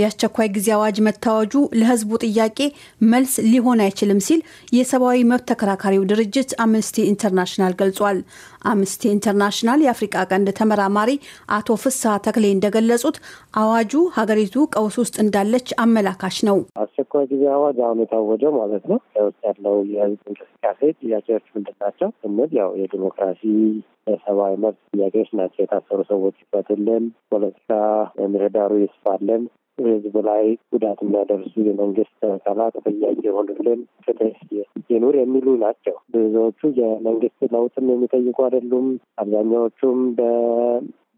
የአስቸኳይ ጊዜ አዋጅ መታወጁ ለህዝቡ ጥያቄ መልስ ሊሆን አይችልም ሲል የሰብአዊ መብት ተከራካሪው ድርጅት አምነስቲ ኢንተርናሽናል ገልጿል። አምነስቲ ኢንተርናሽናል የአፍሪቃ ቀንድ ተመራማሪ አቶ ፍስሀ ተክሌ እንደገለጹት አዋጁ ሀገሪቱ ቀውስ ውስጥ እንዳለች አመላካች ነው። አስቸኳይ ጊዜ አዋጅ አሁን የታወጀው ማለት ነው ለውጥ ያለው የህዝብ እንቅስቃሴ ጥያቄዎች ምንድን ናቸው ስንል ያው የዲሞክራሲ የሰብአዊ መብት ጥያቄዎች ናቸው። የታሰሩ ሰዎች ይፈቱልን፣ ፖለቲካ ምህዳሩ ይስፋልን በህዝብ ላይ ጉዳት የሚያደርሱ የመንግስት አካላት ተጠያቂ የሆኑልን ፍትህ ይኑር የሚሉ ናቸው። ብዙዎቹ የመንግስት ለውጥም የሚጠይቁ አይደሉም። አብዛኛዎቹም በ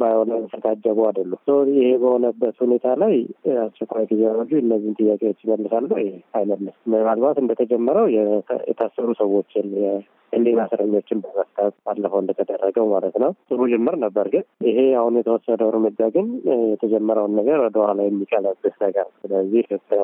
በቫዮለንስ ስታጀቡ አይደሉም። ይሄ በሆነበት ሁኔታ ላይ አስቸኳይ ጊዜ አዋጁ እነዚህን ጥያቄዎች ይመልሳሉ አይመልስ? ምናልባት እንደተጀመረው የታሰሩ ሰዎችን ሕሊና እስረኞችን በመፍታት ባለፈው እንደተደረገው ማለት ነው። ጥሩ ጅምር ነበር፣ ግን ይሄ አሁን የተወሰደው እርምጃ ግን የተጀመረውን ነገር ወደኋላ የሚቀለብስ ነገር፣ ስለዚህ ኢትዮጵያ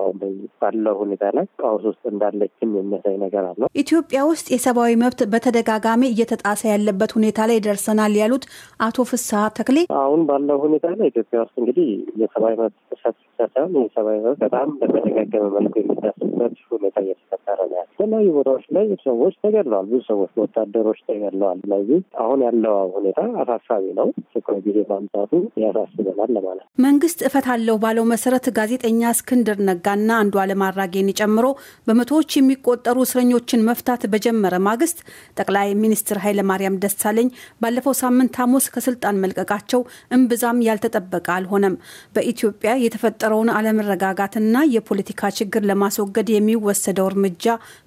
ባለው ሁኔታ ላይ ቀውስ ውስጥ እንዳለችም የሚያሳይ ነገር አለው። ኢትዮጵያ ውስጥ የሰብአዊ መብት በተደጋጋሚ እየተጣሰ ያለበት ሁኔታ ላይ ደርሰናል ያሉት አቶ ፍስሀ ተክሌ አሁን ባለው ሁኔታ ላይ ኢትዮጵያ ውስጥ እንግዲህ የሰብአዊ መብት ጥሰት ሲሰሰም የሰብአዊ መብት በጣም በተደጋገመ መልኩ የሚደርስበት ሁኔታ እየተፈጠረ ነው ያለ። የተለያዩ ቦታዎች ላይ ሰዎች ተገድለዋል። ብዙ ሰዎች ወታደሮች ተገድለዋል። ስለዚህ አሁን ያለው ሁኔታ አሳሳቢ ነው። ትኩረት ጊዜ ማምጣቱ ያሳስበናል ለማለት ነው። መንግስት እፈታለሁ ባለው መሰረት ጋዜጠኛ እስክንድር ነጋና አንዱ አለም አራጌን ጨምሮ በመቶዎች የሚቆጠሩ እስረኞችን መፍታት በጀመረ ማግስት ጠቅላይ ሚኒስትር ኃይለማርያም ደሳለኝ ባለፈው ሳምንት ሐሙስ ከስልጣን መልቀቃቸው መሆናቸው እምብዛም ያልተጠበቀ አልሆነም። በኢትዮጵያ የተፈጠረውን አለመረጋጋትና የፖለቲካ ችግር ለማስወገድ የሚወሰደው እርምጃ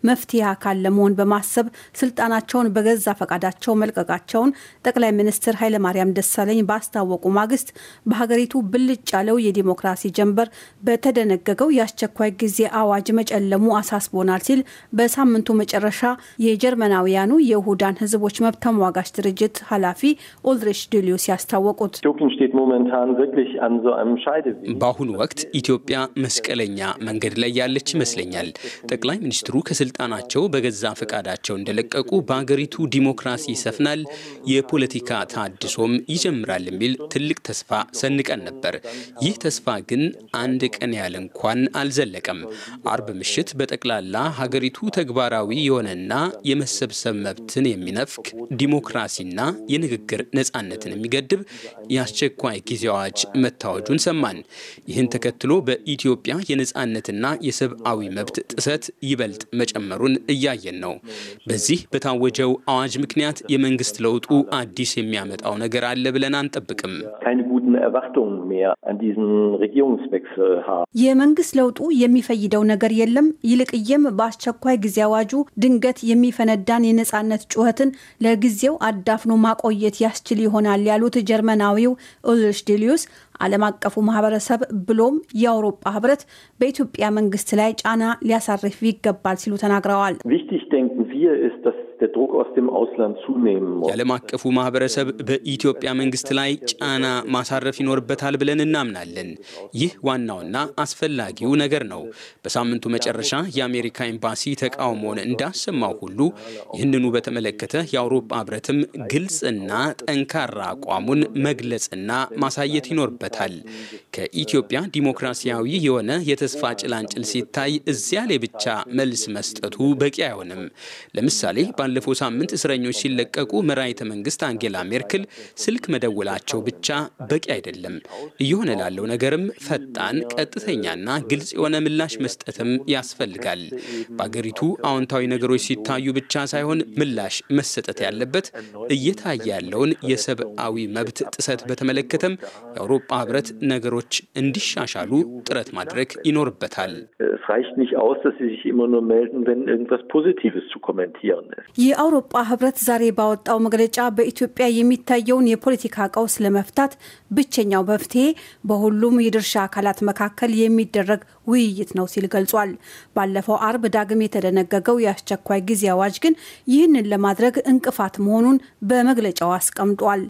መፍትሄ አካል ለመሆን በማሰብ ስልጣናቸውን በገዛ ፈቃዳቸው መልቀቃቸውን ጠቅላይ ሚኒስትር ኃይለማርያም ደሳለኝ ባስታወቁ ማግስት በሀገሪቱ ብልጭ ያለው የዲሞክራሲ ጀንበር በተደነገገው የአስቸኳይ ጊዜ አዋጅ መጨለሙ አሳስቦናል ሲል በሳምንቱ መጨረሻ የጀርመናውያኑ የሁዳን ህዝቦች መብት ተሟጋች ድርጅት ኃላፊ ኦልድሪሽ ድልዩ ሲያስታወቁ በአሁኑ ወቅት ኢትዮጵያ መስቀለኛ መንገድ ላይ ያለች ይመስለኛል። ጠቅላይ ሚኒስትሩ ከስልጣናቸው በገዛ ፈቃዳቸው እንደለቀቁ በሀገሪቱ ዲሞክራሲ ይሰፍናል፣ የፖለቲካ ታድሶም ይጀምራል የሚል ትልቅ ተስፋ ሰንቀን ነበር። ይህ ተስፋ ግን አንድ ቀን ያህል እንኳን አልዘለቀም። አርብ ምሽት በጠቅላላ ሀገሪቱ ተግባራዊ የሆነና የመሰብሰብ መብትን የሚነፍክ ዲሞክራሲና የንግግር ነጻነትን የሚገድብ የአስቸኳይ ጊዜ አዋጅ መታወጁን ሰማን። ይህን ተከትሎ በኢትዮጵያ የነፃነትና የሰብአዊ መብት ጥሰት ይበልጥ መጨመሩን እያየን ነው። በዚህ በታወጀው አዋጅ ምክንያት የመንግስት ለውጡ አዲስ የሚያመጣው ነገር አለ ብለን አንጠብቅም። የመንግስት ለውጡ የሚፈይደው ነገር የለም። ይልቅየም በአስቸኳይ ጊዜ አዋጁ ድንገት የሚፈነዳን የነፃነት ጩኸትን ለጊዜው አዳፍኖ ማቆየት ያስችል ይሆናል ያሉት ጀርመን ጀርመናዊው ኡልሪሽ ዲሊዩስ ዓለም አቀፉ ማህበረሰብ ብሎም የአውሮፓ ህብረት በኢትዮጵያ መንግስት ላይ ጫና ሊያሳርፍ ይገባል ሲሉ ተናግረዋል። der Druck aus dem Ausland zunehmen muss። የዓለም አቀፉ ማህበረሰብ በኢትዮጵያ መንግስት ላይ ጫና ማሳረፍ ይኖርበታል ብለን እናምናለን። ይህ ዋናውና አስፈላጊው ነገር ነው። በሳምንቱ መጨረሻ የአሜሪካ ኤምባሲ ተቃውሞውን እንዳሰማው ሁሉ ይህንኑ በተመለከተ የአውሮፓ ህብረትም ግልጽና ጠንካራ አቋሙን መግለጽና ማሳየት ይኖርበታል። ከኢትዮጵያ ዲሞክራሲያዊ የሆነ የተስፋ ጭላንጭል ሲታይ እዚያ ላይ ብቻ መልስ መስጠቱ በቂ አይሆንም። ለምሳሌ ባለፈው ሳምንት እስረኞች ሲለቀቁ መራሒተ መንግስት አንጌላ ሜርክል ስልክ መደወላቸው ብቻ በቂ አይደለም። እየሆነ ላለው ነገርም ፈጣን፣ ቀጥተኛና ግልጽ የሆነ ምላሽ መስጠትም ያስፈልጋል። በአገሪቱ አዎንታዊ ነገሮች ሲታዩ ብቻ ሳይሆን ምላሽ መሰጠት ያለበት እየታየ ያለውን የሰብአዊ መብት ጥሰት በተመለከተም የአውሮፓ ህብረት ነገሮች ሰዎች እንዲሻሻሉ ጥረት ማድረግ ይኖርበታል። የአውሮጳ ህብረት ዛሬ ባወጣው መግለጫ በኢትዮጵያ የሚታየውን የፖለቲካ ቀውስ ለመፍታት ብቸኛው መፍትሄ በሁሉም የድርሻ አካላት መካከል የሚደረግ ውይይት ነው ሲል ገልጿል። ባለፈው አርብ ዳግም የተደነገገው የአስቸኳይ ጊዜ አዋጅ ግን ይህንን ለማድረግ እንቅፋት መሆኑን በመግለጫው አስቀምጧል።